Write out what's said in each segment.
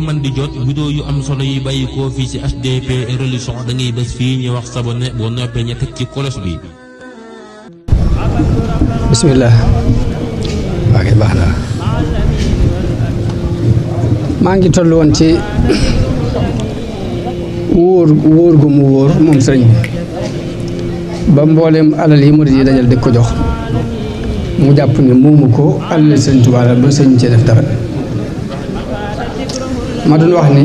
man di jot vidéo yu am solo yi bàyyi fii ci HDP religion da ngay bés fii ñu wax sabone boo noppee ñu teg ci kolos bi bismillah baax na maa ngi toll woon ci wóor gu mu wóor moom sëriñ ba mbooleem alal yi murid yi dajal di ko jox mu jàpp ne moomu ko alal sëriñ Tuubaa la ba sëriñ cee def dara ma doon wax ni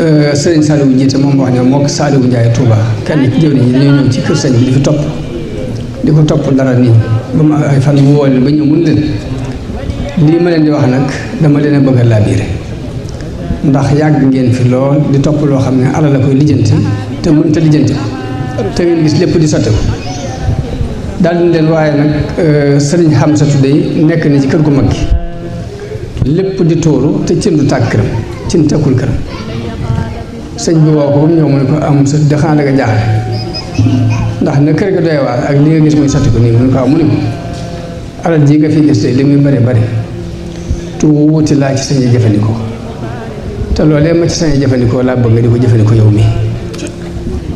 euh, sëriñ Saliou jiite moom wax ne mook Saliou Ndiaye Touba kenn ci jëwriñ ñi ñoo ñëw ci kër sëñ bi di fi topp di ko topp dara nii ba mu ay fan mu woo ba ñëw mun leen lii ma leen di wax nag dama leen a bëgg a laabiire ndax yàgg ngeen fi lool di topp loo xam ne alal la koy lijjanti te mënta lijjanti te ngeen gis lépp di sotte ko daal di leen waaye nag sëriñ xam sa dey nekk ni ci kër gu mag gi lépp di toolu te cin du tàkk këram cin tekkul këram sëñ bi woo ko ba mu ñëw mu ko am sa de xanaa ndax na kër ga doy waar ak li nga gis muy sotti ko nii mu ne ko am ah, mu ne ko alal ji nga fi gis tey li muy bare bare tuuti laa ci sañ jëfandikoo te loolee ma ci sañ jëfandikoo laa bëgg nga di ko jëfandikoo yow mi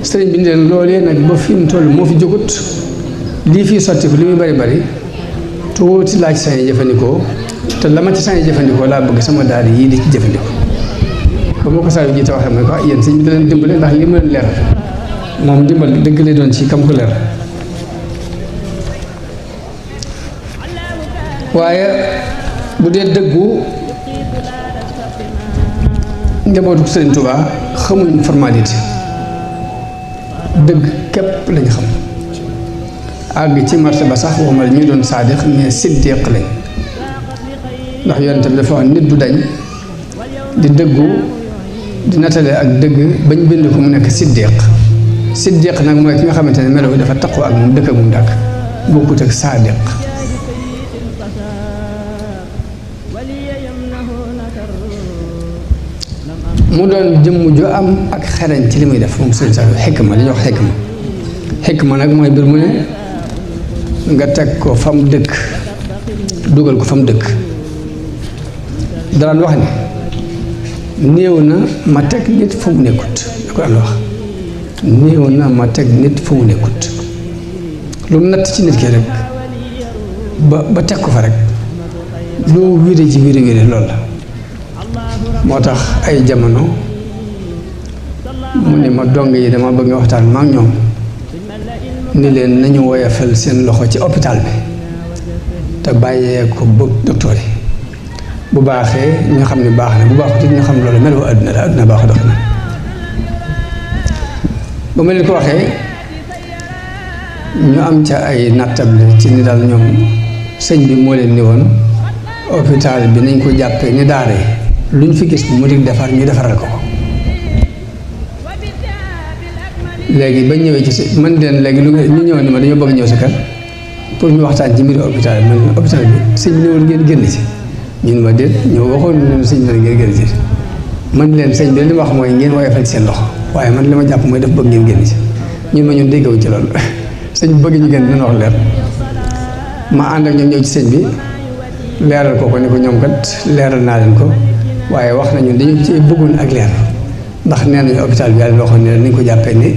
sëriñ bi ne nag ba fi mu toll moo fi jógut lii fii sotti li muy bari bari tuuti laa ci sañ jëfandikoo te lama ma ci sañ ya jëfandikoo la bëgg sama daal iya yi di ci jëfandikoo comme ma ko saa yu jiite waxee mooy ko yeen yéen bi da leen dimbale ndax li leen leer mom dimbal dëgg lay doon ci kam ko leer waye bu dé dëggu njabootu Sëriñ Tuubaa xamuñ formalité dëgg képp lañ xam ag ci marché ba sax waxuma ñu doon sadiq mais siddiq lañ ndax yonent bi dafa nit du dañ di dëggu di natale ak dëgg ñu bind ko mu nekk siddiq siddiq nag mooy ki nga xamante ne melo dafa taqu ak moom dëkk ak moom dàkk bokkut ak saadiq mu doon jëmm ju am ak xereñ ci li muy def moom sëñ Saliou xikma li ñuy wax xikma xikma nag mooy mbir mu ne nga teg ko fam dëkk dugal ko fa mu dëkk daraan wax ni néew na ma teg nit fa mu nekkut ma teg nit fa nekkut lu natt ci nit ki rek ba ba teg ko fa rek loo wéré ci wéré wéré loolu la moo tax ay jamono mu ne ma dong yi dama bëgg nga waxtaan ma ñoom ni leen nañu woyofal seen loxo ci hôpital bi te bàyyee ko bëgg docteur yi bu baaxee ñu xam ne baax na bu baaxut it ñu xam loolu mel wa àdduna la àdduna baax dox na ba ma leen ko waxee ñu am ca ay nattable ci ni daal ñoom sëñ bi moo leen ni woon hôpital bi nañ ko jàppee ni daara lu ñu fi gis mu di defar ñu defaral ko léegi ba ñëwee ci si mën den léegi lu ñu ñëw ni ma dañoo bëgg ñëw si kër pour ñu waxtaan ci mbiri hôpital bi man hôpital bi sëñ bi ne woon ngeen génn si ñun ma déet ñoo waxoon leen sëñ bi ngeen génn ci man leen sëñ bi li ma wax mooy ngeen woyofal ci seen loxo waaye man li ma jàpp mooy daf bëgg ngeen génn ci ñun ma ñun déggawuñ ci loolu sëñ bi ñu génn dina leer ma ànd ak ñoom ci sëñ bi leeral ko ko ne ko ñoom kat leeral naa leen ko waaye wax nañu dañu ci bëggoon ak leer ndax nee nañu hôpital bi yàlla waxoon ne nañ ko jàppee ne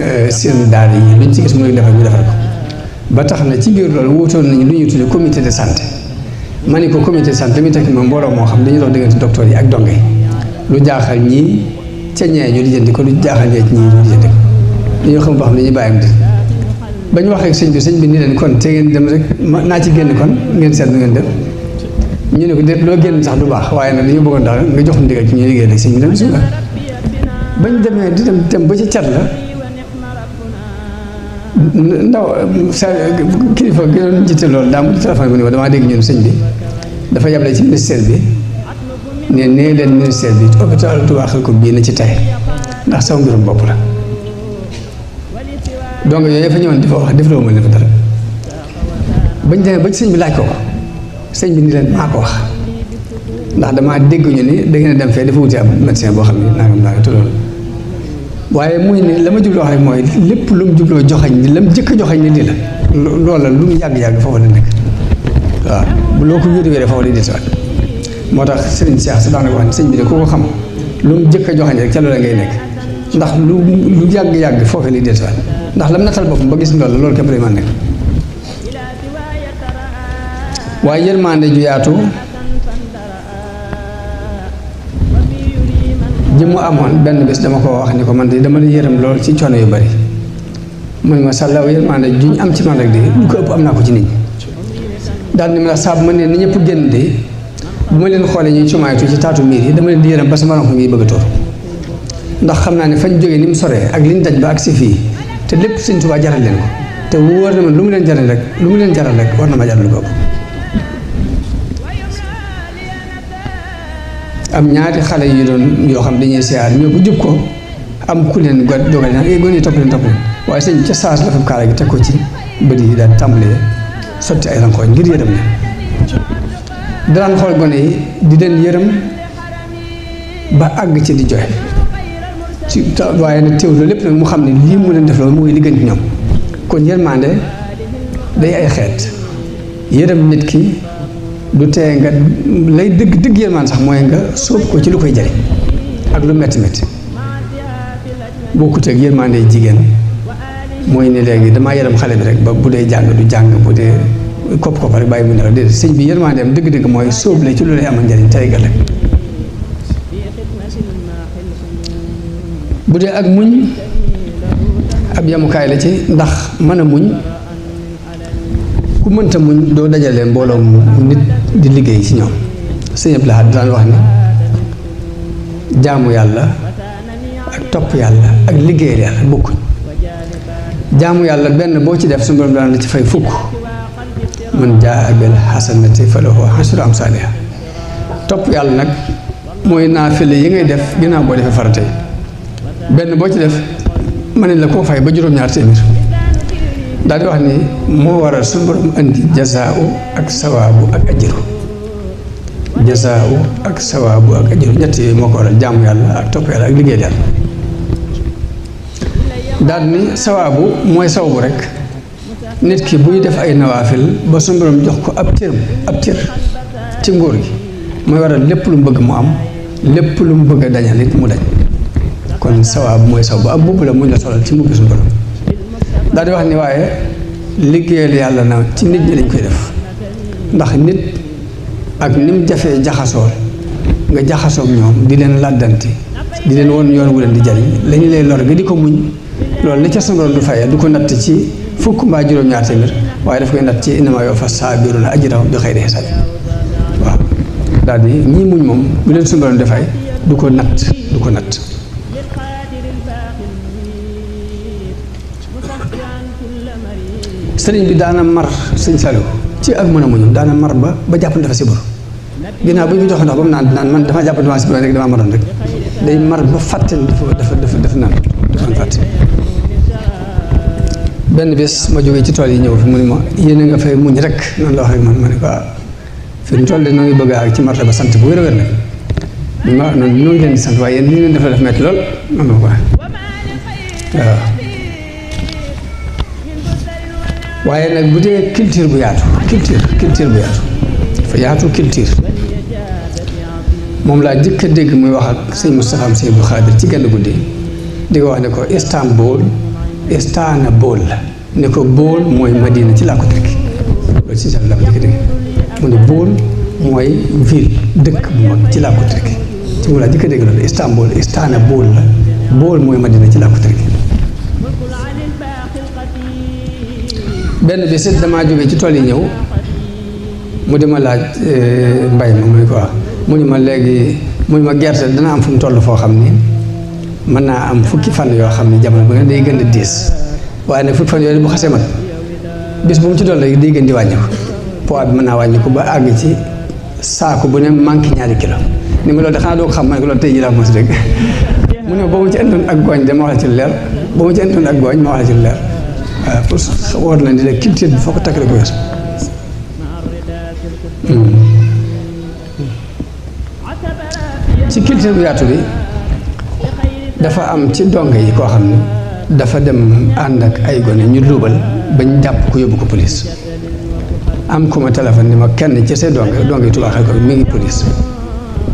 euh, seen daara yi luñ ci gis mooy defar ñu defar ko ba tax na ci biir loolu wutoon nañu lu ñuy tuddee commité de santé ma ne ko comité sant mi tamit moom mbooloo moo xam dañu doon diggante docteur yi ak donge lu jaaxal ñii ca ñee ñu lijjanti ko lu jaaxal ñee ci ñii ñu lijjanti ko dañoo xam boo xam dañuy bàyyam di ba ñu waxee sëñ bi sëñ bi ni leen kon te ngeen dem rek naa ci génn kon ngeen seetlu ngeen def ñu ne ko déet loo génn sax du baax waaye nag dañu bëggoon daal nga jox ndigal ci ñu liggéey rek sëñ bi dem bañ demee di dem dem ba ci cat la ndaw sa kilifa gi jiite lool daa mu téléphone ko ni ko damaa dégg ñun sëñ bi dafa yable ci ministère bi ne nee leen ministère bi hôpital Touba ko bii na ci tay ndax saw mbirum bopp la donc yooyu fa ñëwoon di fa wax defloo ma leen fa dara bañ demee ba ci sëñ bi laaj ko ko sëñ bi ni leen maa ko wax ndax damaa dégg ñu ni da ngeen a dem fee dafa wuti ab médecin boo xam ne nangam naa te loolu waaye muy ne la ma jubloo wax rek mooy lépp lu mu jubloo joxañ ni la mu jëkk joxañ ni ni la loola lu mu yàgg-yàgg foofu la nekk bu loo ko wéri wéri foofu detaat moo tax sëriñ Cheikh si daanaka wax ne sëñ bi de ku ko xam lu mu jëkk a joxañ rek ca loola ngay nekk ndax lu lu yàgg-yàgg foofu la detaat ndax la mu nattal boppam ba gis loolu la loolu képp lay mën nekk waaye yërmande ju yaatu ji mu amoon benn bés dama ko wax ni ko man de dama la yërëm lool ci coono yu bari mu ne ma sàllaaw yërmande juñ am ci man rek de lu ko ëpp am naa ko ci nit ñi daal ni ma saabu ma ne ni ñëpp génn de bu ma leen xoolee ñuy cumaaytu ci taatu miir yi dama leen yërëm ba sama ronko ngi bëgg a tóor ndax xam naa ne fañ jógee ni mu soree ak liñ daj ba ak si fii te lépp Sëñ Tuubaa jaral leen ko te wóor na ma lu mu leen jaral rek lu mu leen jaral rek war na ma jaral ko am ñaari xale yu doon yoo xam dañuy siyaar ñoo bu jub ko am ku leen got dogal naan ay eh, gone yi topp leen topp waaye sëñ ca saas la fab kaala gi teg ko ci bët yi daal tàmbalee sotti ay rankooñ ngir yërëm ne daan xool gone yi di leen yërëm ba àgg ci di joxe ci waaye nag teewlu lépp nag mu xam ne lii mu leen def loolu mooy liggéey ñoom kon yërmande day ay xeet yërëm nit ki lu tee nga lay dëgg dëgg yërmaan sax mooy nga sóob ko ci lu koy jëriñ ak lu métti métti bokkut ak yërmaande jigéen mooy ne léegi damaa yaram xale bi rek ba bu dee jàng du jàng bu dee kopp kopp rek bàyyi mu nelaw déedéet siñ bi yërmaandeem dëgg-dëgg mooy sóob la ci lu lay amal njëriñ tey gale bu dee ak muñ ab yamukaay la ci ndax mën a muñ ku mënta muñ doo dajale mbooloo nit di liggéey ci ñoom sëñ Abdou Lahad daan wax ni jaamu yàlla ak topp yàlla ak liggéeyal yàlla bokkuñ jaamu yàlla benn boo ci def suñu borom daan la ci fay fukk man jaa bil hasanati falahu ashru amsaaliha topp yàlla nag mooy naafile yi ngay def ginnaaw boo defee farate yi benn boo ci def ma ne la koo fay ba juróom-ñaar téeméer daal di wax ni moo waral suñu borom andi jasaaw ak sawaabu ak ajru jasaaw ak sawaabu ak ajru ñett yooyu moo ko waral jaamu yàlla ak topp yàlla ak liggéey yàlla daal ni sawaabu mooy sawabu rek nit ki buy def ay nawaafil ba suñu jox ko ab cër ab cër ci nguur gi mooy waral lépp lu mu bëgg mu am lépp lu mu bëgg a dañal mu dañ kon sawaab mooy saw bu ab mbubb la muñ la solal ci mbubbi suñu borom daal di wax ni waaye liggéeyal yàlla na ci nit ñi lañ koy def ndax nit ak ni mu jafee jaxasoo nga jaxasoog ñoom di leen làddanti di leen woon yoon wu leen di jariñ lañu lay lor nga di ko muñ lool la ca sondoon du fay du ko natt ci fukk mbaa juróom-ñaar téeméer waaye daf koy natt ci innamaa yuwaffa saabiruuna ajrahum bi xayri hisaab waaw daal di ñii muñ moom bu leen sondoon du fay du ko natt du ko natt sëriñ bi daana mar sëñ Saliou ci ak mën a muñu daana mar ba ba jàpp dafa sibaru ginnaaw bu ñu ko joxee ndox ba mu naan naan man damaa jàpp damaa sibaru rek damaa maroon rek day mar ba fàtte dafa dafa dafa dafa naan dafa fàtte benn bés ma jógee ci tool yi ñëw fi mu ne ma yéen nga fay muñ rek noonu la wax ak man ma ne ko ah, fi mu toll de noo ngi bëgg ak ci marta ba sant bu wér a wér nag ma noonu noo ngi leen di sant waaye yéen ni ngeen def la def metti lool noonu la ko waaw waaye nag bu dee culture bu yaatu culture culture bu yaatu dafa moom laa jëkk dégg muy wax ak sëñ Moustapha am sëñ ci genn guddi di ko wax ne ko Istanbul Istanbul la ne ko bool mooy Madina ci laa ko tekki loolu laa ko dégg ne bool dëkk bu ci laa laa jëkk a dégg loolu Istanbul Istanbul la bool mooy Madina ci laa ko tekki benn bi sit damaa jóge ci tool yi ñëw mu di ma laaj euh, mbay ma muy quoi mu ni ma léegi mu ni ma gerte dana am fu mu toll foo xam ni mën naa am fukki fan yoo xam ni jamono bu day gën diis waaye nag fukki fan yooyu bu xasee mat bis bu mu ci doon rek day gën di wàññi ko poids bi mën naa wàññi ko ba àgg ci saako bu ne manqué ñaari kilo ni ma loolu de xanaa doo xam ma ne ko loolu tey jii laa mos dégg mu ne ba mu ci andoon ak gooñ dama wax la ci leer ba ci andoon ak gooñ ma wax la ci leer Euh, woote nañ ne culture bi foo ko takk rek weesu. ci hmm. culture bu yaatu bi dafa am ci dongo yi koo xam ne dafa dem ànd ak ay gone ñu luubal bañ jàpp ko yóbbu ko police am ku ma téléphone ni ma kenn ci seen dongo dongo yi tubaaxee ko mi ngi police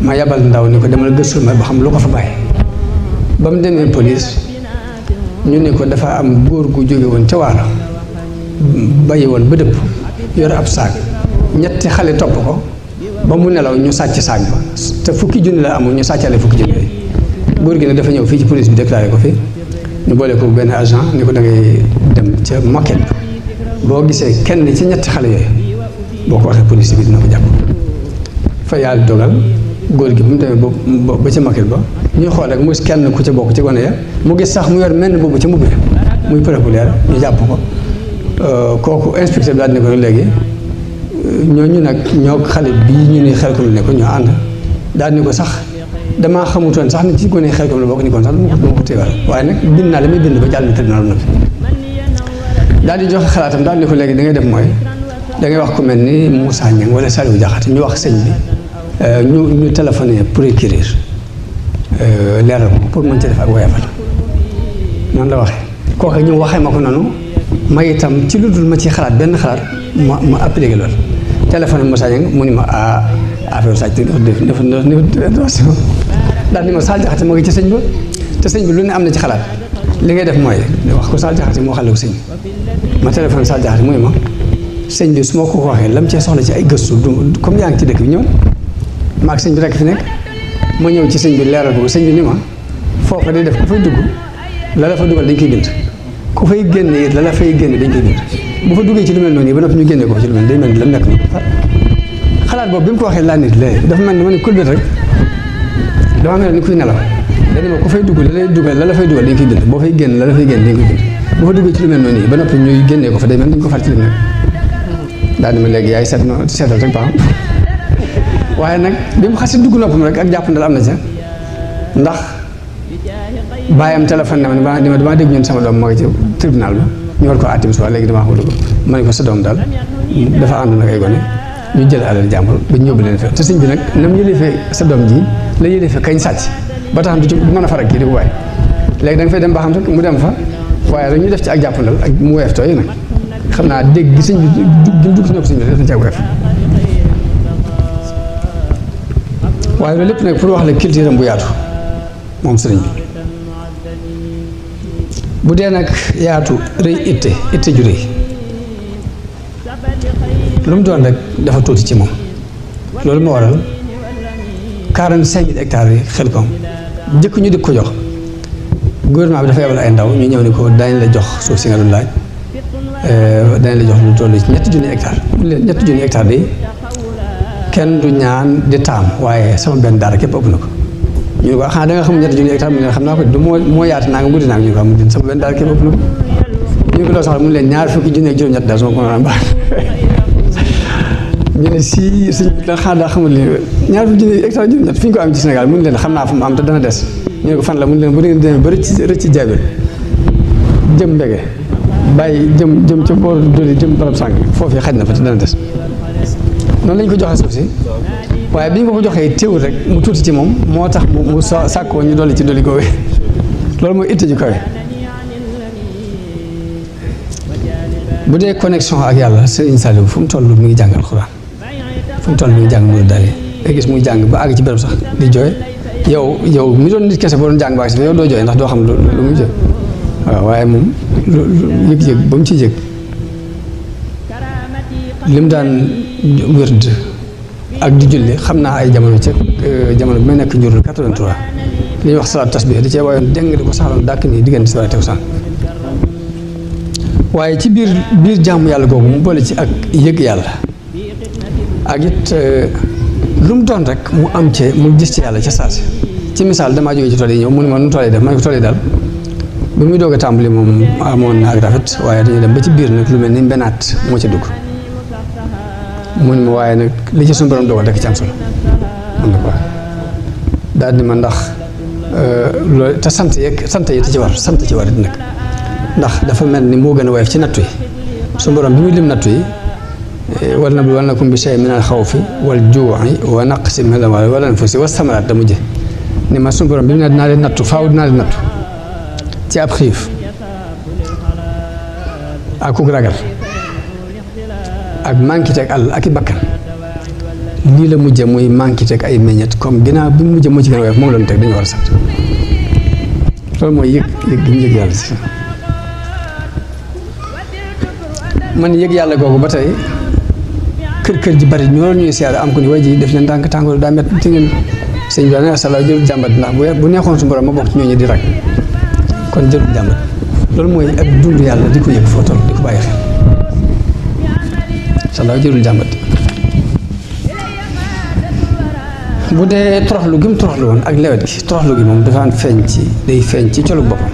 ma yabal ndaw ni ko demal gëstu ma ba xam lu ko fa bàyyi ba mu demee police ñu ne ko dafa am góor gu jóge woon ca waalo bàyyi woon ba dëpp yore ab saag ñetti xale topp ko ba mu nelaw ñu sàcc saag ba te fukki junni la amul ñu sàccale fukki junni yooyu góor gi ne dafa ñëw fii ci police bi déclaré ko fi ñu boole ko benn agent ni ko da dem ca moquette boo gisee kenn ci ñetti xale yooyu boo ko waxee police bi dina ko jàpp fa yàlla dogal góor gi mu mu demee ba ba ca makil ba ñu xool rek mu gis kenn ku ca bokk ci gone mu gis sax mu yor mel ni boobu ca mbubb muy preuve bu ñu jàpp ko euh, kooku inspecteur bi daal ne ko léegi euh, ñooñu nag ñoo xale bii ñu ne xel ko lu ne ko daal ne ko sax damaa xamutoon sax ne ci gone xel ko la bokk ni kon sax dama ko téewal waaye nag bind naa li muy bind ba jàll na tribunal bu noppi daal di joxe xalaatam daal ne ko léegi da ngay def mooy dangay ngay wax ku mel ni Moussa Niang wala Saliou Diakhaté ñu wax sëñ bi Euh, ñu ñu téléphoné procureur euh, leeral moom pour mën ci def ak woyafal noonu la waxee kooku ñu waxee ma ko noonu ma itam ci lu dul ma ci xalaat benn xalaat ma ma appliqué loolu téléphone Moussa Dieng mu ma ah affaire Sadio def def def daal ni ma Saal Jaxate moo ngi ci sëñ ba te sëñ bi lu ne am na ci xalaat li ngay def mooy wax ko Saal Jaxate moo xale ko sëñ ma téléphone Saal Jaxate mu ni ma sëñ bi su ma ko waxee lam cee soxla ci ay gëstu du comme yaa ngi ci dëkk bi ñëw. maag sëñ bi rek fi nekk ma ñëw ci sëñ bi leeral ko sëñ bi ni ma foofa day def ku fay dugg la la fa dugal dañ koy bind ku fay génn la la fay génn dañ koy bind bu fa duggee ci lu mel noonu yi ba noppi ñu génne ko ci lu mel day mel ni lam nekk bi mu ko waxee laa nit lay dafa mel ni ma ne kulbét rek dama mel ni kuy nelaw dañu ma ku fay dugg la lay dugal la la fay dugal dañ koy bind boo fay génn la la fay génn dañ koy bind bu fa duggee ci lu mel noonu yi ba noppi ñuy génnee ko fa day mel dañ ko far ci lu mel daal di ma léegi yaay seet no seetal rek baax waaye nag bi mu xasee dugg noppam rek ak jàpp jàppandal am na ca ndax bàyyam téléphone ne ma ne ma ne ma damaa dégg ñun sama doom moo ngi ci tribunal ba ñu war ko àttim si léegi damaa xamul ko ma ne ko daal dafa ànd nag ay gone ñu jël alal jàmbur ba ñu leen fa te sëñ bi nag nam mu yëlee fee sa doom ji la yëlee fee ba tax du ci mën a faral kii léegi da fay dem ba xam rek mu dem fa waaye rek ñu def ci ak jàppandal ak mu weef tooy nag xam naa dégg sëñ bi dugg gi mu dugg si ñoom def na ci ak weef waaye loolu lépp nag pour wax la culture am bu yaatu moom sëriñ bi bu dee nag yaatu rëy itte itte ju rëy lu mu doon rek dafa tuuti ci moom loolu moo waral quarante cinq mille hectares yi xel ko jëkk ñu di ko jox gouvernement bi dafa yebal ay ndaw ñu ñëw ni ko daañu la jox suuf si nga doon laaj euh, la jox lu toll ci ñetti junni hectares ñetti junni hectares de Ken du ñaan di tam waye sama ben dara kep ëpp na ko ñu ko xana ah, da nga xam ñet junni ak tam ñu xam naa ko du mo yaat na nga guddi naa ñu ko am sama ben dara kep ëpp ko ñu ko ah, sax mu leen ñaar fukki junni ak juróom-ñett daal ko naan ba ñu ne si suñ da xana daa xamul li ñaar fukki junni ak taam juróom-ñett fi ko am ci senegal mu leen xam fu mu am ta dana dess ñu ko fan la mu leen bu ngeen demee ba rëcc ci jaabir jëm bege bay jëm jëm ca boor doli jëm barab sànq fofu xajna fa ci dana dess noonu lañ ko joxe suuf waaye bi ñu ko joxee téewul rek mu tuuti ci moom moo tax mu mu sàkkoo ñu dolli ci dolli googu loolu mooy itte ju kawe bu dee connexion ak yàlla Serigne Saliou fu mu toll mu ngi jàngal xuraan fu mu toll mu ngi jàng mu gis muy jàng ba àgg ci béréb sax di jooy yow yow mi doon nit kese boo doon jàng ba àgg si yow doo jooy ndax doo xam lu lu muy jooy waaw waaye moom lu yëg-yëg ba mu ciy yëg lim daan wërd ak di julli xam naa ay jamono ci euh, jamono bi may nekk njurul 83 li ñuy wax salaatu tasbih di cee waayoon dégg di ko saxaloon dàkk nii diggante si wàllu sax waaye ci biir biir jaamu yàlla googu mu boole ci ak yëg yàlla ak it euh, lu mu rek mu am cee mu gis ci yàlla ca saasi ci misaal damaa jógee ci tool yi ñëw mu ne ma nu tool yi def ma ne ko tool yi daal bi muy doog a tàmbali moom amoon na ak rafet waaye dañuy dem ba ci biir nag lu mel ni mbenaat moo ci dugg. mun ma waaye nag li ci suñu borom dogal rek ci daal di ma ndax euh, lool te sant yeeg sant yi te ci war sant ci war it nag ndax dafa mel ni moo gën a woyof ci nattu yi suñu bi muy lim nattu yi euh, wal na wal nakum bi shay min wal juu'i wa naqsi min al amwaali wal anfusi wa samaraat da mujje ni ma suñu borom mu ne dinaa leen nattu faaw dinaa leen nattu ci ab xiif akuk ragal ak manquiteg al ak bakkan ni la mujje muy manquiteg ay meñet comme gina bu mujjé mo ci gëna a mo lañ tek dañu wara sax lool moy yek yek yëg yek yalla ci man yek yalla googu batay tey kër kër ji bari ñoo ñuy seede am ko ni way def leen tank tàngoor da met ci ngeen sëñ bi ne sala jël jambat ndax bu bu neexon su borom ma bok ci ñi di rak kon jël jambat lool moy ak dund yalla diko yek fotol diko baye sa laa jërul bu dee toroxlu gi mu toroxlu woon ak lewet gi toroxlu gi moom dafaan feeñ ci day feeñ ci colug boppam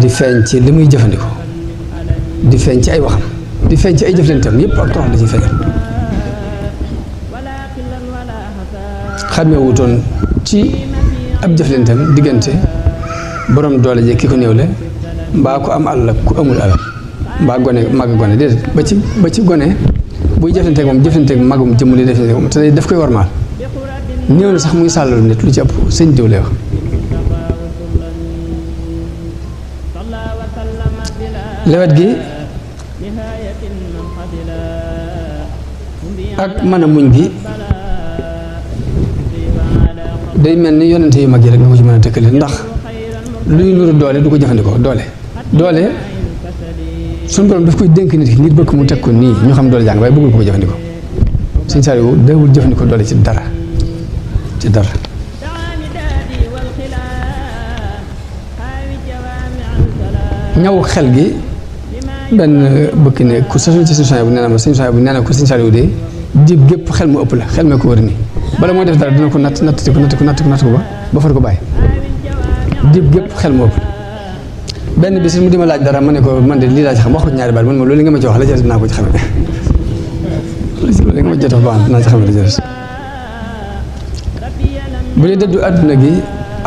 di feeñ ci li muy jëfandikoo di feeñ ci ay waxam di feeñ ci ay jëflanteem yëpp ak toroxlu ci feeñal xamee wutoon ci ab jëflanteem diggante borom doole jee ki ko néewle mbaa ko am alal ku amul alal mbaa gone mag gone déedéet ba ci ba ci gone buy jëflanteeg moom jëflanteeg magum jëmm li jëflanteeg moom te daf koy warmaal néew na sax muy sàllalu nit lu ci ëpp sëñ diw lay gi ak mën a muñ gi day mel ni yonente yu mag yi rek nga ko ci mën a ndax luy nuru doole du ko jëfandikoo doole doole suñu borom daf koy dénk nit ki ngir bëgg mu teg ko nii ñu xam doole jàng waaye bëggul ko ko jëfandikoo sëñ Saliou dawul jëfandikoo doole ci dara ci dara ñaw xel gi benn bëkk ne ku sasoon ci sëñ Saliou nee na ma sëñ Saliou nee na ko sëñ Saliou de diib gépp xel mu ëpp la xel mee ko wër nii bala mooy def dara dina ko natt natt ko natt ko natt ko ba ba far ko bàyyi diib gépp xel mu ëpp benn bis mu di ma laaj dara ma ne ko man de lii laa ci xam waxuñ ñaari baat man ma loolu nga ma ci wax la jël naa ko ci xamante loolu nga ma jot a baax naa bu dee dëddu gi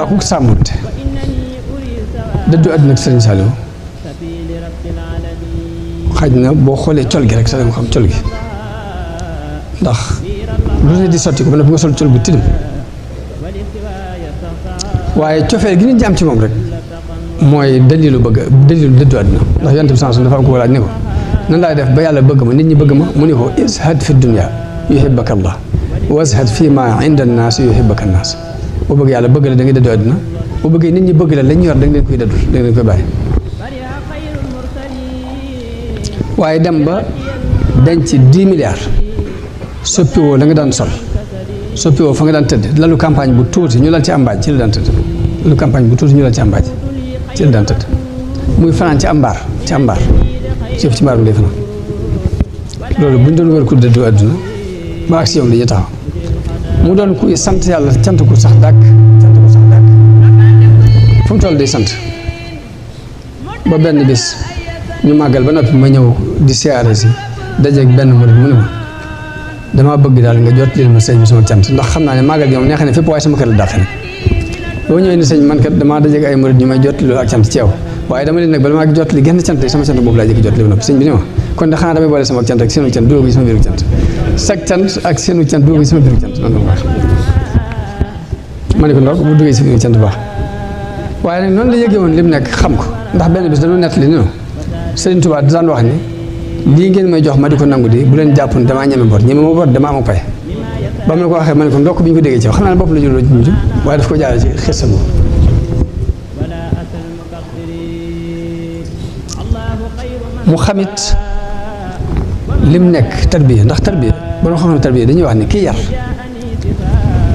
akuk sàmmante dëddu àdduna ak Serigne Saliou na boo xoolee col gi rek sa nga gi ndax di sotti ko ba nga sol col gu tilim waaye cofeel gi ñu jaam ci moom rek. mooy dalilu bëgg dalilu dëddu àdduna ndax yonent bi sansun dafa am ko walaaj ne ko nan laay def ba yàlla bëgg ma nit ñi bëgg ma mu ne ko ishad fi dunya yuhibbaka allah wa ishad fi ma inda annaas yuhibbaka annaas bu bëgg yàlla bëgg la da ngay dëddu àdduna bu bëggee nit ñi bëgg la lañ yor da nga leen koy dëddul da nga leen koy bàyyi waaye dem ba denc dix milliards soppiwoo la nga daan sol soppiwoo fa nga daan tëdd lalu campagne bu tuuti ñu lal ci ambaaj ci la daan tëdd lalu campagne bu tuuti ñu lal ci ambaaj ci la daan tëdd muy fanaan ci am mbaar ci am mbaar ci ci mbaar bi lay fanaan loolu bu ñu doon wër ku dëddu àdduna ba ak si yoom dañuy taxaw mu doon kuy sant yàlla cant ku sax dàkk sant ku sax dàkk fu mu toll day sant ba benn bis ñu màggal ba noppi ma ñëw di siyaare si dajeeg benn murit mu ne ma damaa bëgg daal nga jot leen ma sëñ bi sama cant ndax xam naa ne màggal gi neex na fépp waaye sama kër la dàq na boo ñëwee ni sëñ man kat damaa dajeeg ay murid ñu may jot lu ak cant ci yow waaye dama leen nag bala maa jot li genn cant sama cant boobu laa jëkk ma kon de sama biiru cant sag cant ko ci sama bu duggee si biiru cant baax waaye nag noonu la yëgee woon li mu nekk xam ko ndax benn bi bis dañoo nettali ne Sëriñ Tuubaa daan wax ni lii ngeen may jox ma di ko nangu di bu leen jàpp ne damaa ñeme bor ñeme ma bor damaa am pay ba mu ko waxe ma ne ko ndokk bi ko dege ci xana bop naa ne bopp la jëloo jublu waaye daf ko jaaree ci xis mu xamit lim nek tarbiya ndax tarbiya ba nga xam tarbiya dañuy wax ni ki yar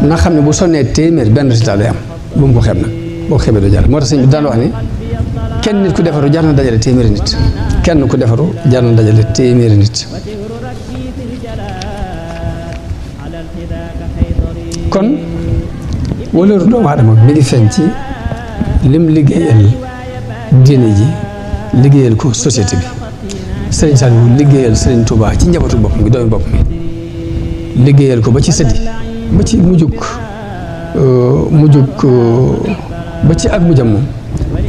na xam bu sonné téeméer ben résultat day am bu mu ko xeeb bo boo do xeebee doo jar moo sëñ bi daan wax ni kenn nit ku defaru jar na dajale téeméeri nit kenn ku defaru jar na dajale téeméeri nit kon wëlëru doomu aadama mi ngi feeñ ci lim liggéeyal diine ji liggéeyal ko société bi sëriñ Saliou liggéeyal sëriñ Touba ci njabootu bopp mi doomi bopp mi liggéeyal ko ba ci sëddi ba ci mujjug euh, mujjug euh, ba ci ak mujjam moom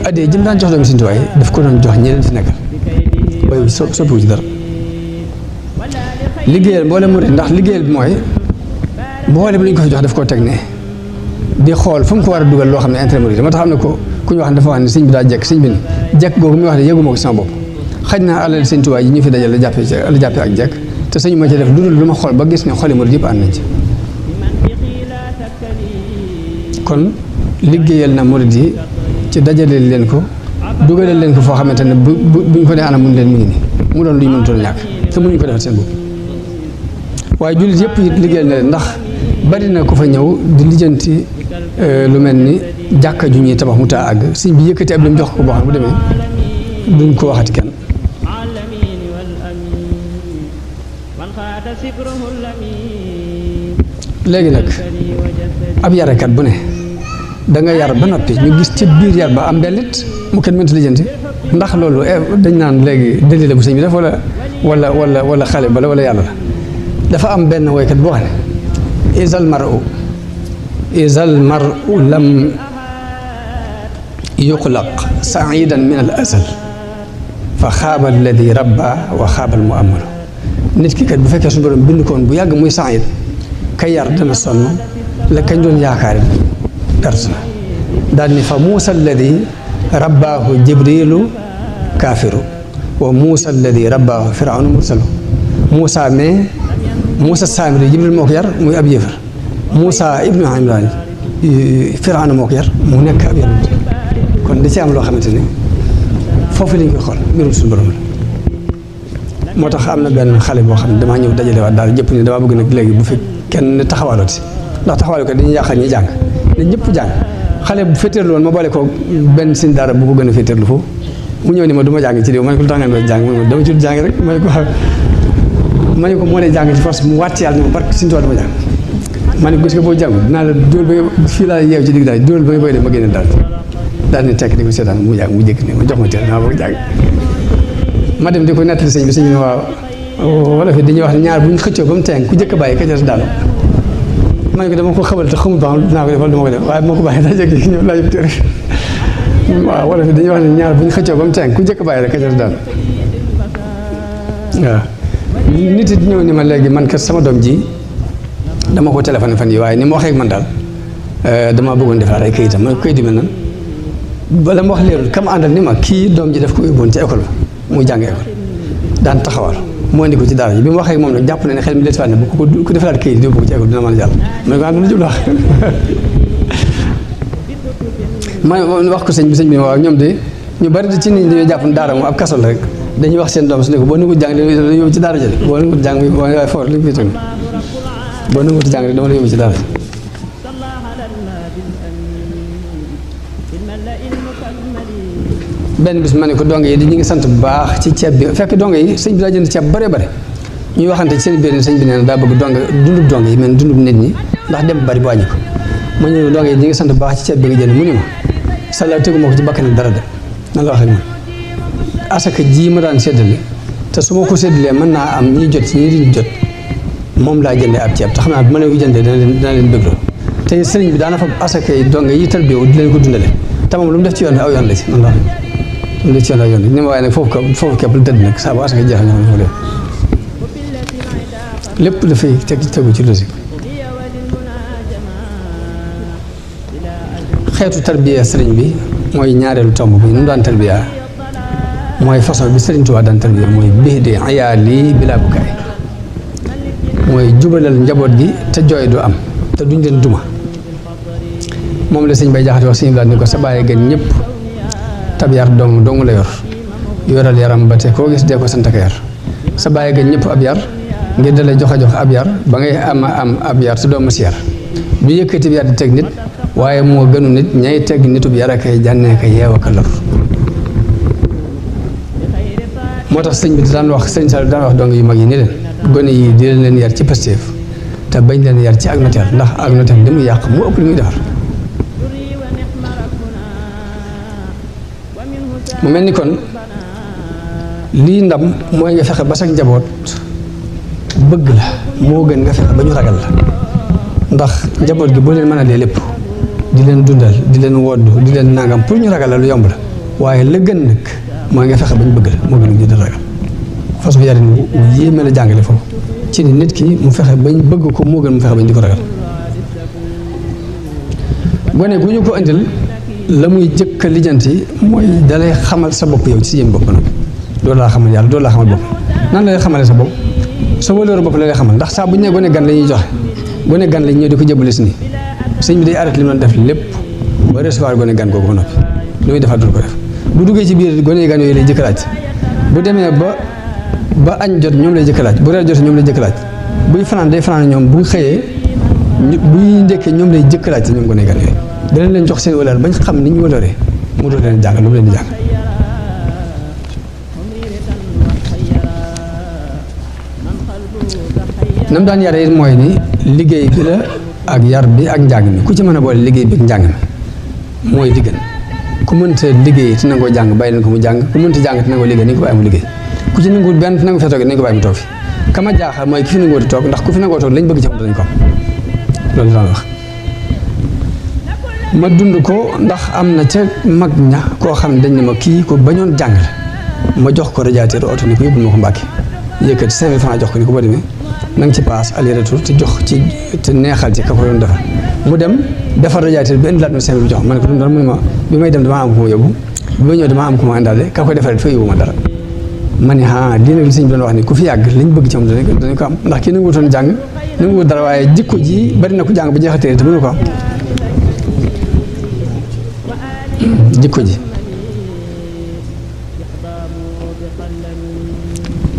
addee jëm daan jox doomi sëriñ Touba daf ko doon jox ñeneen fi nekkal bayu soppiwu ci dara liggéeyal mboolem murid ndax liggéeyal bi mooy mboolem li ñu ko koo teg ne xool fu ko war a loo xam ne intérêt moo tax am na ko ku ñu wax ne dafa wax ne sëñ bi daa jekk sëñ bi jekk googu ne yëguma ko sama bopp xaj naa alal sëñ yi ñu fi dajal la jàppe la jàppe jekk te sëñ ma ci def lu ma xool ba gis ne xooli murid yëpp ànd nañ kon liggéeyal na murid yi ci dajaleel leen ko dugaleel leen ko foo xamante ne bu buñ ko dee anam mun leen mu ngi ni mu doon luñ mënutoon ñàkk te mënuñ ko defee seen bopp waaye jullit yëpp liggéeyal na leen ndax barina ko fa ñëw di lijeenti lu melni jàkka ju tabax mu taa àgg sëñ bi yëkkati ab jox ko boo xam bu démé duñ ko waxati kenn legi nak ab kat bu ne da nga yar ba noppi ñu gis ci biir yar ba am mbellit mu kenn mënta lijeenti ndax loolu dañ naan legi dali bu sëñ bi def wala wala wala wala xale bala wala yàlla la dafa am benn way kat xam ne إذا المرء إذا المرء لم يقلق سعيدا من الأزل فخاب الذي ربى وخاب المؤمل نيت كي كتبفك شنبرم بنكون بياق موي سعيد كي يردن السنو لكن جون ياكار درسنا دالني فموسى الذي رباه جبريل كافر وموسى الذي رباه فرعون مرسل موسى مي Moussa Samiri Jibril moo ko yar muy ab yéefar Moussa Ibnu Imraan Firaana moo ko yar mu nekk ab yonent kon da ci am loo xamante ni foofu lañ koy xool mbirum suñu borom la moo tax am na benn xale boo xam ne damaa ñëw dajale waat daal jëpp ni damaa bëgg nag léegi bu fi kenn taxawaalooti ndax taxawaale ko dañuy yàqal ñi jàng dañ ñëpp jàng xale bu féeteerlu woon ma boole ko benn seen daara bu ko gën a féeteerlu foofu mu ñëw ni ma du ma jàng ci réew ma ne ko lu jàng dama ci jàng rek ma ne ko ma ne ko moo lay jàng ci force mu wàtt yàlla ne ma barke suñu tool dama jàng ma ne ko gis nga boo jàngul dinaa la dóor ba fii laa yeew ci digg daal bëgg dem ma génne daal daal ne tekk di ko seetaan mu jàng mu jékki ne ma jox dem di ko nettali sëñ bi sëñ bi ne waaw wala wax ñaar bu ñu xëccoo ba mu teen ku jëkk bàyyi ka ca daal ma ne ko dama te xamul ba dinaa ko def ko def waaye ma ko bàyyi daa jékki ñëw laa yëpp téere wax ne ñaar bu ñu xëccoo ba mu teng ku jëkk bàyyi rek ka ca daal waaw nit it ñëw ni ma léegi man kat sama doom ji dama ko téléphone fan yi waaye ni ma waxee ak man daal euh, dama bëggoon defaraat ay këyitam man këyit yu mel nan bala wax leerul kam àndal ni ma kii doom ji daf ko yóbboon ci école ba jàng école daan taxawal moo indi ko ci daara ji bi ma waxee ak moom nag jàpp na ne xel mi lees ne bu ko ku defaraat këyit di yóbbu ko ci école dina mën a jàll man ko àndal ah, jub la wax man wax ko sëñ bi sëñ bi waaw ñoom de ñu bari ci nit ñi dañoo jàpp ne daara moom ab kaso la rek dañuy wax seen doom su ne ko boo nangu jàng dama yóbbu ci dara jël boo nangu jàng bi boo ngay for li fi tun boo nangu jàng dama lay yóbbu ci dara benn bis ma ne ko dong yi di ñu ngi sant bu baax ci ceeb bi fekk dong yi sëñ bi daa jënd ceeb bare bare ñuy waxante ci seen biir sëñ bi neena daa bëgg dong dundub dong yi mel dundub nit ñi ndax dem bari wàññi ko ma ñëw dong yi di ngi sant bu baax ci ceeb bi nga jënd mu ne ma sa la tegu ko ci bakkan dara de na la waxee asaka jii ma daan séddale te su ma ko séddalee mën naa am ñi jot ñi diñ jot moom laa jëndee ab ceeb te xam naa bu ma leen ko jëndee dana leen dana leen te sëriñ bi daana fa asaka yi donge yi tarbiyewu di leen ko dundale te lu mu def ci yoon bi aw yoon la ci la yoon aw yoon la ni ma waaye nag foofu ka foofu képp lu dëdd nag saa tegu ci logique xeetu tarbiya sëriñ bi mooy ñaareelu tomb bi nu mu daan tarbiya moy façon bi serigne touba dan tarbiya moy bihde ayali li bukay moy jubalal njabot gi te joy du am te duñ len duma mom la serigne bay jaxati wax serigne ko sa baye gën ñep tabiyar dong dong la yor yoral yaram ba te gis de ko sant ak yar sa baye gën ñep ab yar ngir joxe jox ab ba ngay am am ab yar te Biar mas bi yëkëti yëkkati yar tek nit waye mo gënu nit ñay tek nitub yar ak ay ak motax tax sëñ bi daan wax sëñ Saliou daan wax dong yu mag yi ni len gone yi di len yar ci Pastef ta bañ len yar ci ak notaire ndax ak notaire li muy yàq li muy defar mu melni kon li ndam moy nga fexé ba sax njaboot bëgg la mo gën nga fexé bañu ragal la ndax njaboot gi bo len mëna dé lepp di len dundal di len woddu di len nangam pour ñu ragal la lu yomb la waye le gën nak mooy nga fexe bañ bëgg la moo gën a judd ragal façon yarin ni mu yéeme la jàngale foofu ci ni nit ki mu fexe bañ bëgg ko moo gën mu fexe bañ di ko ragal gone gu ñu ko indil la muy jëkk a lijjanti mooy dalay xamal sa bopp yow ci yéen bopp nag doo laa xamal yàlla doo laa xamal bopp nan lay xamale sa bopp sa wëlóoru bopp la lay xamal ndax saa bu ñu ne gone gan la ñuy joxe gone gan lañ ñëw di ko jëbale si nii sëñ bi day arrêté li mu def lépp ba gone gan googu ba noppi lu muy bu duggee ci biir gone gan yooyu lay jëkk bu demee ba ba añ jot ñoom lay jëkk bu reer jot ñoom lay jëkk laaj buy fanaan day fanaan ñoom bu xëyee buy ndekkee ñoom lay jëkk laaj ñoom gone gan yooyu danañ leen jox seen wëlaal bañ xam ni ñu wëlooree mu doon leen jàngal lu mu leen di it mooy ni liggéey bi la ak yar bi ak njàng mi ku ci mën a boole liggéey bi ak njàng mi mooy diggante ku mënta liggéey te nangoo jàng bay leen ko mu jàng ku mënta jàng te nangoo liggéey nañ ko bàyyi mu liggéey ku ci nanguwul benn te nangoo fee ko bàyyi mu toog fi kama jaaxal nangoo toog lañ bëgg ci am danañ ko ma dund ko ndax am na ca mag ña koo xam ne dañ ne ma kii ko bañoon jàng la ma jox ko radiateur oto ni ko yóbbul ma ko mbàkke yëkkati cinq mille francs jox ko ni ko boo demee na nga ci paas aller retour te jox ci te neexal ci ka ko yoon defar mu dem defar radiateur bi indilaat ma cinq bi jox ma ne ko dara mu ne ma bi may dem damaa am ku ma yóbbu bi ma ñëw damaa am ku ma indaale ka koy defaree fa yóbbu ma dara ma ne ah dina li sëñ bi doon wax ni ku fi yàgg liñ bëgg ci am danañ danañ ko am ndax kii nanguwutoon jàng nanguwut dara waaye jikko ji bari na ko jàng bu jeexatee te mënu ko am jikko ji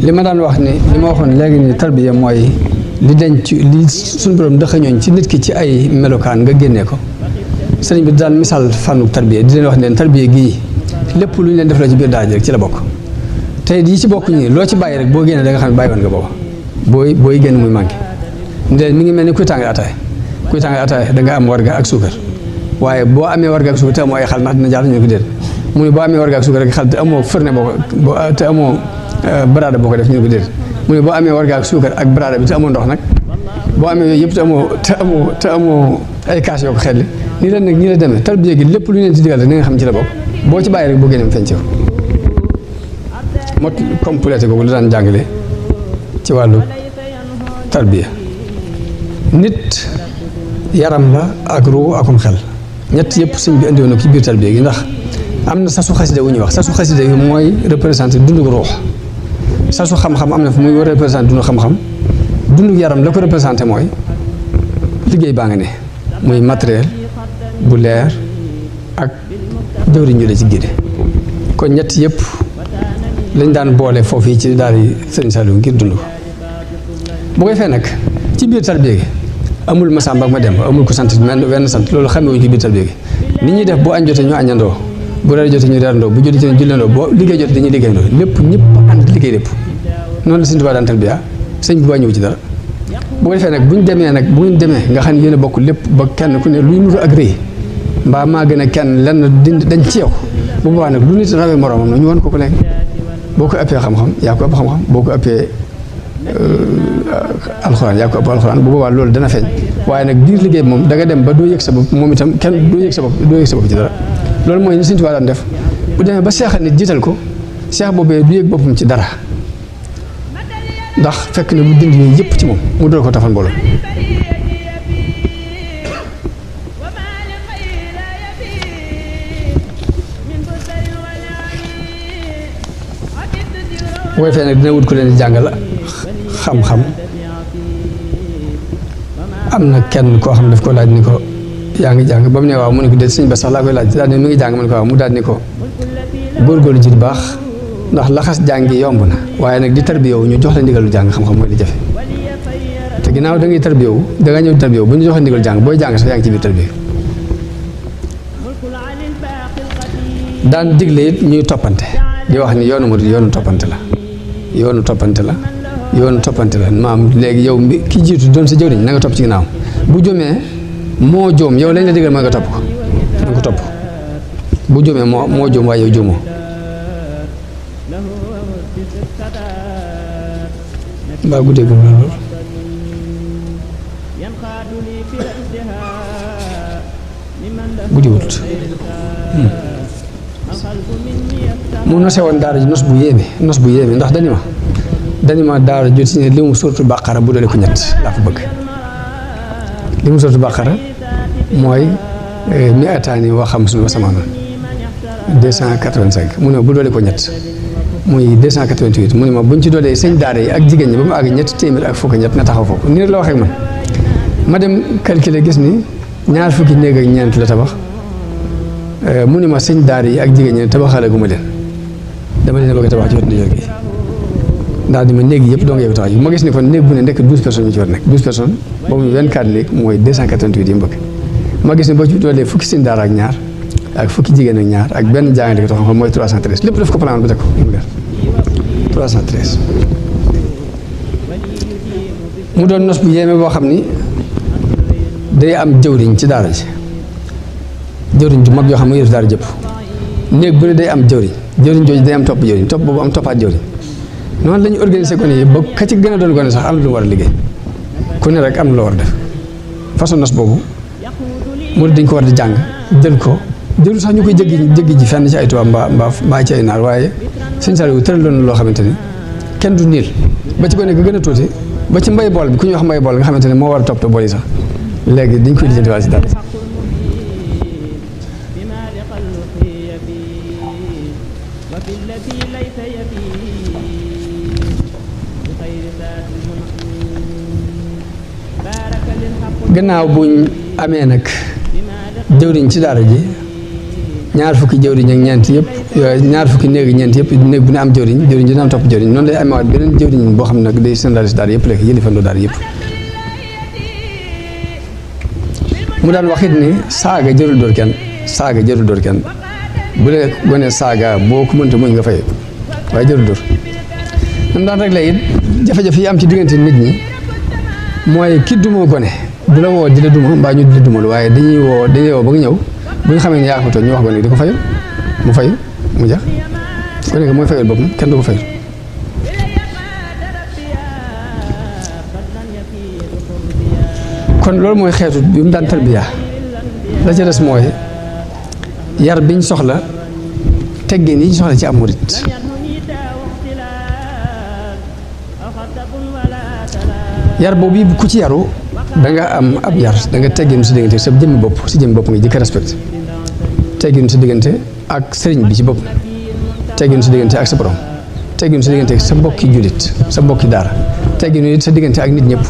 li ma daan wax ni li ma waxoon léegi ni tarbiya mooy li denc li suñu borom dëxañooñ ci nit ki ci ay melokaan nga génnee ko sëriñ bi daan misaal fànnu tarbiya di leen wax ne tarbiya gii lépp lu ñu leen def la ci biir daara ji rek ci la bokk te yi ci bokk ñi loo ci bàyyi rek boo génnee danga xam ne bàyyi woon nga booba booy booy génn muy manqué nde mi ngi mel ni kuy tàngal ataay kuy tàngal ataay da nga am warga ak suukar waaye boo amee war ak suukar te amoo ay xal ndax dina jaata ñu ko déet mu ne boo amee warga ak suukar rek xal te boo te amoo برادة بوكا داف نيو ديت مو بو امي وارغا سوكر اك برادة بي تامو نخ نك بو امي ييب تامو تامو تامو اي كاس يوك خيل ني لا نك ني لا ديم تربيه جي ليپ لو نين تي ديغال نيغا خام جي لا بوك بو تي باي رك بو گينم فنچو مات كومبليت كوكو لدان جانغلي تي والو تربيه نيت يارام لا اك رو اكون خيل نيت ييب سيغ بي انديو نو كي بير تربيه جي نخ amna sasu khassida wuñu wax sasu khassida moy representer dundu roh sasu xam-xam am na fu muy représenté dund xam-xam dund yaram la ko représenté mooy liggéey baa nga ne muy matériel bu leer ak jëwriñ ñu la ci génne kon ñett yëpp lañ daan boole foofu yi ci daal di sëñ Saliou ngir dund ko bu koy fee nag ci biir tarbiya gi amul Masamba ak Mademba amul ko sant men wenn sant loolu xamewuñu ci biir tarbiya gi nit ñuy def bu añ jotee ñu añandoo bu reer jotee ñu bu julli jotee ñu jullandoo bu liggéey jotee dañuy liggéeyandoo lépp ñëpp ànd liggéey noonu la Sëñ Tuubaa daan tarbiya sëñ bu baa ñëw ci dara boo ko defee nag bu ñu demee nag bu ñu demee nga xam ne yéen a bokk lépp ba kenn ku ne lu nuru ak rëy mbaa maa gën a kenn lenn dañ ci yow bu boobaa nag lu nit rawee moroomam na ñu wan ko ko nekk boo ko ëppee xam-xam yaa ko ëpp xam-xam boo ko ëppee euh, alxuraan yaa ko ëpp alxuraan bu boobaa loolu dana feeñ waaye nag biir liggéey moom da dem ba doo yëg sa bopp moom itam kenn doo yëg sa bopp ci dara loolu mooy ñu Sëñ Tuubaa daan def bu ba seexal nit jiital ko seex boobee du yëg boppam ci dara ndax fekk na mu dindi yooyu yëpp ci moom mu doon ko tafal mbooloo mooy fee nag dina wut ko leen di jàngal xam-xam am na kenn koo xam daf ko laaj ni ko yaa ngi jàng ba mu ne waaw mu ne ko déet sëñ ba sax laa koy laaj daal ne mu ngi jàng mu ne ko waaw mu daal ni ko góorgóorlu ci di baax ndax laxas jàngi yomb na waaye nag di tarbiyawu ñu jox la ndigalu jàng xam-xam mooy di jafe te ginnaaw da ngay tarbiyawu da nga ñëw tarbiyawu bu ñu jox la ndigalu jàng booy jàng sax yaa ngi ñuy toppante di wax ni yoonu murid yoonu toppante la yoonu toppante la yoonu toppante la maam léegi yow mi ki jiitu doon sa jëwriñ na nga topp ci ginnaaw bu jomee moo joom yow lañ la digal mooy nga topp ko na ko topp bu jomee moo moo joom waaye yow jomoo mbaa guddeegul loolu guddiwut hmm. mu nose woon daara ji nos bu yéeme nos bu yéeme ndax dani ma dani ma daara jot si limu li mu bu dale ko ñett laa fa bëgg li mu surtu bàqara mooy eh, mi ataani wa xam suñu wa samaana deux cent quatre-vingt-cinq mu ne bu doole ko ñett mooy 288 mu ne ma buñ ci doolee sëñ daara yi ak jigéen ñi ba mu àgg ñetti téeméer ak fukki ñett na taxaw foofu nii la waxee man ma dem calculer gis ni ñaar fukki néeg ak ñeent la tabax euh, mu ne ma sëñ daara yi ak jigéen ñi tabaxaale gu ma leen dama leen a tabax ci wetu ndijoor gi daal di ma néeg yëpp dong yow tax ñaar ak fukki jigéen ak ñaar ak benn jàngale ko tax mooy 313 lépp daf ko plan ba teg ko 313 mu doon nos bu yéeme boo xam ni day am jëwriñ ci daara ji jëwriñ ju mag yoo xam ne yëf daal jëpp néeg bu ne day am jëwriñ jëwriñ jooju day am topp jëwriñ topp boobu am toppaat jëwriñ noonu la ñu organisé gone yi ba ka ci gën a doon gone sax am na lu war a liggéey ku ne rek am na loo war a def façon nos boobu mu dañ ko war di jàng jël ko jëru sax ñu koy jéggi jéggi ji fenn ci ay tubaab mbaa mbaa mbaa ci ay naar waaye sëñ Saliou tëraloon na loo xamante ni kenn du niil ba ci gone ga gën a tuuti ba ci mbay bool bi ku ñuy wax mbay bool nga xamante ne moo war a toppatoo bool yi léegi dañ koy lijjanti waat si amee nag jëwriñ ci daara ji ñaar fukki jëwriñ ak ñeent yëpp ñaar fukki néegi ñeent yëpp néeg bu ne am jëwriñ jëwriñ dina am topp jëwriñ noonu lay amaat beneen jëwriñ boo xam ne nag day généraliste daal yëpp rek yëlifandoo daal yëpp mu daan waxit ni saaga jërul dóor kenn saaga jërul dóor kenn bu dee gone boo ko mënta muñ nga fay waaye jërul dóor nam daan rek la it am ci diggante nit ñi mooy ki duma gone du la woo di la duma mbaa ñu di la dumal waaye dañuy woo dañuy woo ba nga ñëw bu ñu xamee ne yaa ngi ko tooñ ñu wax ba ni di ko fayal mu fay mu jeex ku nekk mooy fayal boppam kenn du ko fayal. kon loolu mooy xeetu bi mu daan tarbiya la ca des mooy yar biñ soxla teggin yi ñu soxla ci am murit yar boobu yi ku ci yaru da nga am ab yar da nga teggin su déggante sa jëmmi bopp sa jëmmi bopp nga jëkk respecté teggin sa digante ak sëriñ bi ci bop teggin sa digante ak sa borom teggin sa digante ak sa mbokki julit sa mbokki dara teggin it sa digante ak nit ñëpp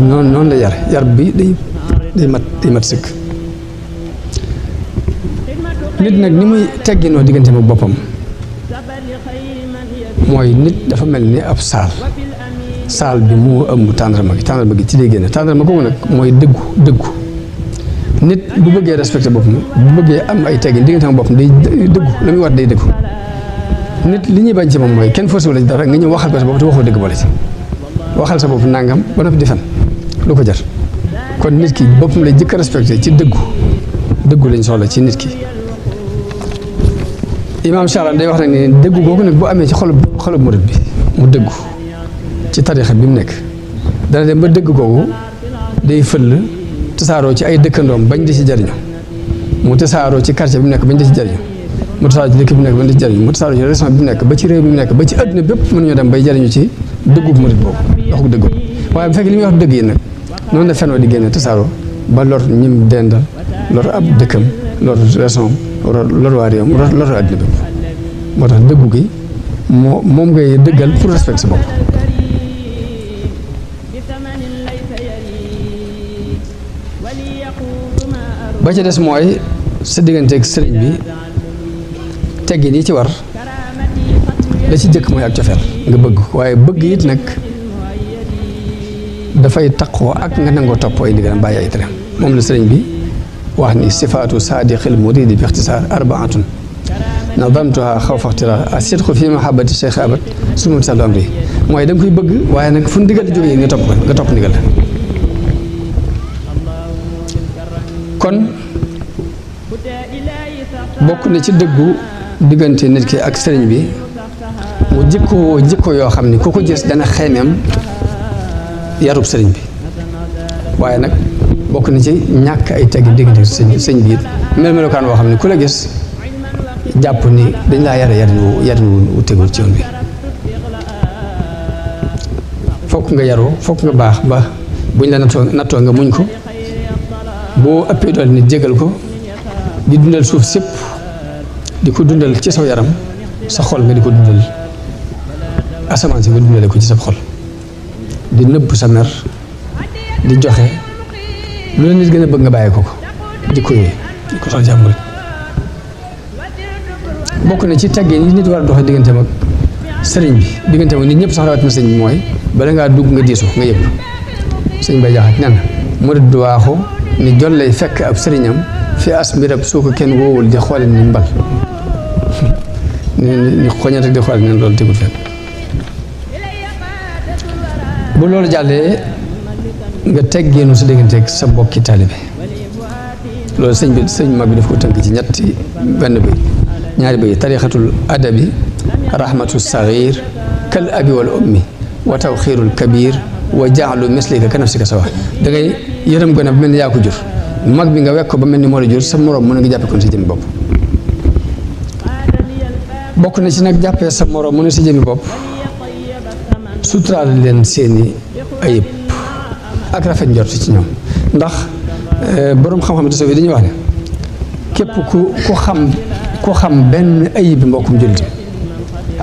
non non la yar yar bi day day mat day mat sëkk nit nag ni muy tegginoo digante mo bopam moy nit dafa melni sal ab sal sal bi Tandra ëmb tàndarma gi tàndarma gi ci lay génne ko nak moy deggu deggu nit bu bëggee respecté boppam bu bëggee am ay teggin diggante ak boppam day dëggu la muy day dëggu nit li ñuy bañ ci moom mooy kenn forcé la ci dara nga ñëw waxal ko sa bopp te waxoo dëgg boole ci waxal sa bopp nangam ba noppi di fen lu ko jar kon nit ki boppam lay jëkk a ci dëggu dëggu lañ soxla ci nit ki imaam Charan day wax nag ne dëggu googu nag boo amee ci xolub xolub murit bi mu dëggu ci tarixa bi mu nekk dana dem ba dëgg googu day fël tasaaroo ci ay dëkkandoom bañ di ci jariñu mu tasaaroo ci quartier bi mu nekk bañ di ci jariñu mu tasaaroo ci dëkk bi mu nekk ba di ci jariñu mu tasaaroo ci nekk ba ci réew bi mu nekk ba ci àdduna bépp mën ñoo dem bay jariñu ci dëggub murit boobu waxu dëggub waaye bu fekkee li muy wax dëgg yi nag noonu la fenoo di génne tasaaroo ba lor ñim dendal lor ab dëkkam lor région lor waa réewam lor àdduna moo tax dëggu gi moo moom ngay dëggal pour respect sa bopp ba ca des mooy sa digganteeg sëriñ bi teggin yi ci war la ci jëkk mooy ak cofeel nga bëgg waaye bëgg it nag dafay taqoo ak nga nangoo topp ay ndigalam bàyyi ay moom la sëriñ bi wax ni sifaatu di muridi bi ixtisaar arbaatun nadamtuha xaw faxtira asidqu fi mahabati cheikh abat sumum sallu amri mooy da nga koy bëgg waaye nag fu ndigal di jógee nga topp ko nga topp ndigal kon bokk na ci dëggu diggante nit ki ak sëriñ bi mu jikko jikko yoo xam ni ku ko gis dana xeemeem yarub sëriñ bi waaye nag bokk na ci ñàkk ay tegg digg sëñ sëñ bi melokaan woo xam ne ku la gis jàpp ni dañ laa yara yarin yarin tegul ci yoon bi fokk nga yaru fokk nga baax ba buñ la nattoo nga muñ ko boo ëppee doole jégal ko di suuf sépp di ko dundal ci saw yaram sa xol nga di ko dundal asamaan si nga dundale ko ci sa xol di nëbb sa mer di joxe lu la nit gën a bëgg nga bàyyi ko ko jikko yooyu ko sax jàmbul bokk na ci tàggee yi ñu war a doxee digganteem ak sëriñ bi digganteem ak nit ñëpp sax rawatina sëriñ bi mooy bale ngaa dugg nga diisoo nga yëglu sëriñ bay jaaxat nen mu dëdd waaxu ni jollay fekk ab sëriñam fi as mbirab soo ko kenn woowul di xoole ni mbal ñu xoñante di xool ñun loolu tegul fenn bu loolu jàllee nga teggeenu sa digganteeg sa mbokki taalibe loolu sëñ bi sëñ mag bi daf ko tënk ci ñetti benn bi ñaari bi tarixatul adabi rahmatu saxiir kal abi wal ummi wa tawxiirul kabir wa jaaxlu mislika ka nafsika sawa da ngay yërëm gone ba mel ni yaa ko jur mag bi nga wekk ko ba mel ni moo la jur sa moroom mën nga jàppe kon sa jëmmi bopp bokk na ci nag jàppee sa moroom mu ne sa jëmi bopp suturaal leen seeni ayib ak rafet njort ci ñoom ndax eh, boroom xam-xam te sofi dañuy wax ne képp ku ku xam ku xam benn ayib mbokkum jullit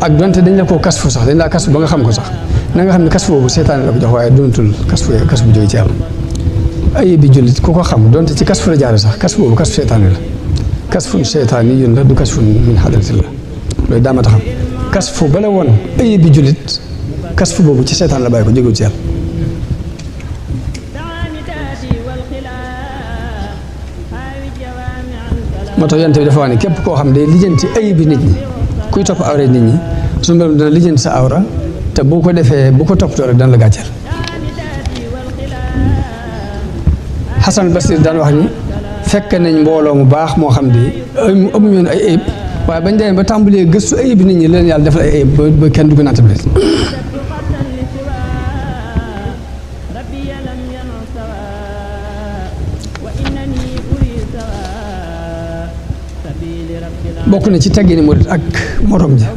ak donte dañ la koo kasfu sax dañ laa kasfu ba nga xam ko sax na nga xam ne kasfu boobu seetaan la ko jox waaye doonatul kasfu kasfu bu jóge ci yàlla ayib bi jullit ku ko la jaare sax kasfu boobu kasfu seetaan la kasfun seetaan yi yun la loolu daa ma taxam kas fu bala woon ayé bi jullit kas fu boobu ci seetaan la bàyyi ko jógewul ci yàlla moo tax yonent bi dafa wax ne képp koo xam day lijjanti ayé bi nit ñi kuy topp awra nit ñi suñu borom dana lijjanti sa awra te bu ko defee bu ko toppatoo rek dana la gàcceel Xasan Basir daan wax ni fekk nañ mbooloo mu baax moo xam di amuñu ay ayib waaye bañ demee ba tàmbalee gëstu ayib nit ñi leen yàlla defal ay ayib ba kenn du ko natt bi bokk na ci teggini murit ak morom ja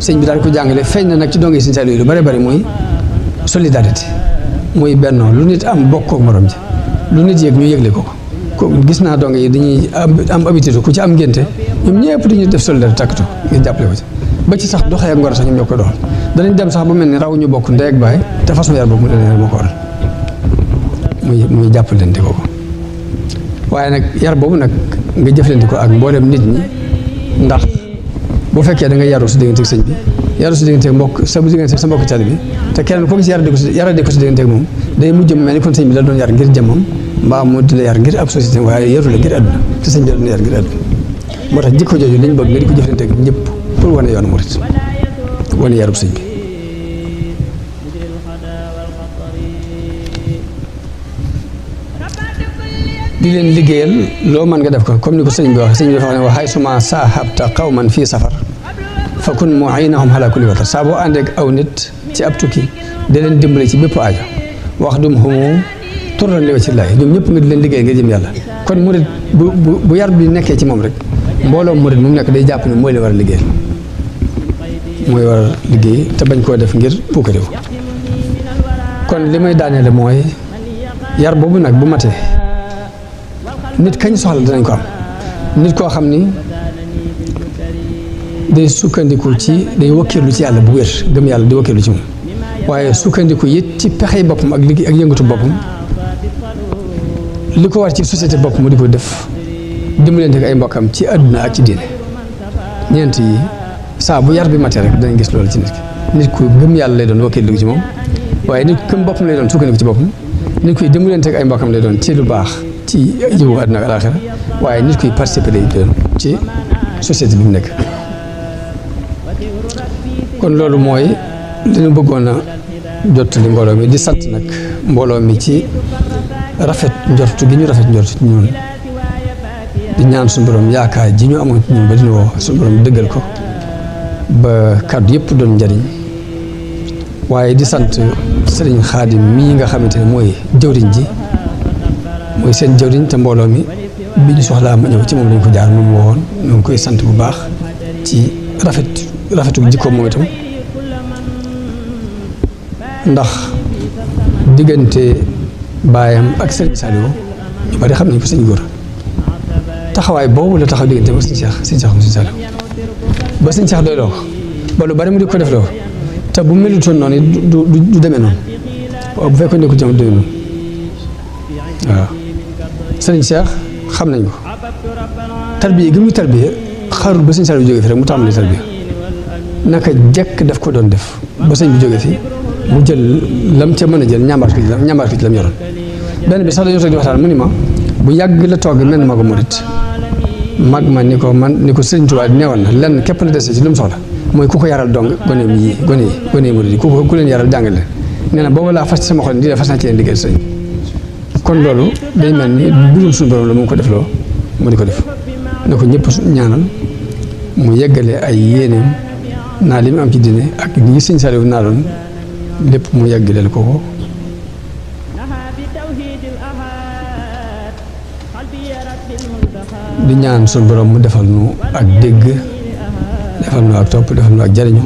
sëñ bi daal ko jàngale feeñ na nag ci donge sëñ Saliou lu bari bari mooy solidarité muy bennoo lu nit am bokk ak morom ja lu nit yëg ñu yëgle ko ko gis naa donge yi dañuy am habitude ku ci am ngénte ñoom ñëpp dañuy def solidarité tàkkatu ngeen jàppale ko ci ba ci sax doxee ak sax ñoom ñoo koy doxal danañ dem sax ba mel ni raw ñu bokk ndey ak baay te façon yar boobu mu leen yar moo ko waral muy muy jàppalante waaye nag yar boobu nag nga jëflante ko ak mboolem nit ñi ndax bu fekkee da nga yaru si digganteeg sëñ bi yaru si digganteeg mbokk sa digganteeg sa mbokk caal bi te kenn koo gis yarade ko si yarade moom day mujj mel ni kon sëñ bi la doon yar ngir jëmmam mbaa mu di la yar ngir waaye yaru la ngir àdduna sëñ bi la doon yar ngir moo tax jikko jooju liñ bëgg nga di ko jëflante ñëpp pour wane yoonu murit wane yarub sëñ bi leen liggéeyal loo mën nga def ko comme ni ko sëñ bi wax sëñ bi dafa wax ne wa haysuma saahabta qawman fii safar fa kun muinahum ala kulli watar saaboo àndeek aw nit ci ab tukki da leen dimbale ci bépp aajo wax dum humu turran li wajhillahi ñoom ñëpp nga di leen liggéeyal nga jëm yàlla kon murit bu bu yar bi nekkee ci moom rek mbooloo murit mu nekk day jàpp ne mooy li war a liggéey mooy war a liggéey te bañ koo def ngir puukaréew kon li may daaneele mooy yar boobu nag bu matee nit kañ soxla danañ ko am nit koo xam ni day sukkandiku ci day wakkiirlu ci yàlla bu wér gëm yàlla di wakkiirlu ci moom waaye sukkandiku it ci pexey boppam ak liggéey ak yëngatu boppam li ko war ci société bopp mu di ko def dimbalante ak ay mbokkam ci àdduna ak ci diine ñeent yi saa bu yar bi matee rek danañ gis loolu ci nit ki ku gëm yàlla lay doon wakkee dugg ci moom waaye nit ku gëm boppam lay doon sukkandiku ci boppam nit kuy dimbalante ak ay mbokkam lay doon ci lu baax ci yiwu àdduna ak alaaxira waaye nit kuy participer lay doon ci société bi mu nekk kon loolu mooy li ñu bëggoon a li mbooloo mi di sant nag mbooloo mi ci rafet njortu gi ñu rafet njortu ci ñun di ñaan suñu borom yaakaar ji ñu amoon ci ñun ba dina woo suñu borom dëggal ko ba kàddu yëpp doon njariñ waaye di sant sëriñ xaadim mii nga xamante ne mooy jëwriñ ji mooy seen jëwriñ te mbooloo mi bi ñu soxlaa ma ñëw ci moom lañ ko jaar moom woon ñu ngi koy sant bu baax ci rafet rafetu jikko moom itam ndax diggante baayam ak sëriñ Saliou ñu bari xam nañ ko sëñ góor taxawaay boobu la taxaw diggante ba sëñ Cheikh sëñ Cheikh Moussa Sall ba sëñ Cheikh doyloo ko ba lu bari mu di ko def loo te bu melutoon noonu du du du demee noonu bu fekkoon ne ko jëm doy noonu waaw sëriñ Cheikh xam nañ ko tarbiya gi mu tarbiya xarul ba sëñ Cheikh bi jógee fi rek mu tàmbali tarbiya naka jekk daf ko doon def ba sëñ bi jógee fi mu jël lam ca mën a jël ñàmbaar ko ci lam ñàmbaar ko ci lam yoroon benn bi sax dañoo toog di waxtaan mu ni ma bu yàgg la toog mel ma ko murit mag ma ni ko man ni ko sëriñ Tuubaa ne woon na lenn képp la dese ci lu mu soxla mooy ku ko yaral dong gone yi gone yi gone yi murid yi ko ku leen yaral jàngal leen nee na boobu laa fas ci sama xol di la fas naa ci leen liggéey kon loolu day mel ni mbirum la mu ko def loo mu di ko def na ko ñëpp ñaanal mu yeggale ay yéeneem naa li mu am ci dine ak li sëñ Saliou naa doon lépp mu yegg leen ko di ñaan suñu borom mu defal nu ak dégg defal nu ak topp defal nu ak jariñu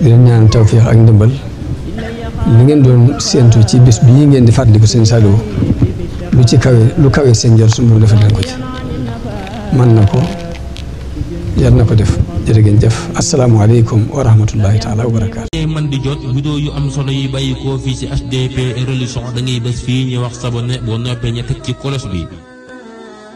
di leen ñaan tawféex ak ndimbal li ngeen doon séentu ci bis bii ngeen di fàttaliku seen Saliou lu ci kawe lu kawe seen jar suñu borom defal leen ko ci man na ko yar na ko def jërë ngeen jëf asalaamaaleykum wa rahmatullahi taala wa barakaatu ngay mën di jot vidéo yu am solo yi bàyyi koo fii ci HDP religion da ngay bés fii ñu wax abonné boo noppee ñu teg ci cloche bi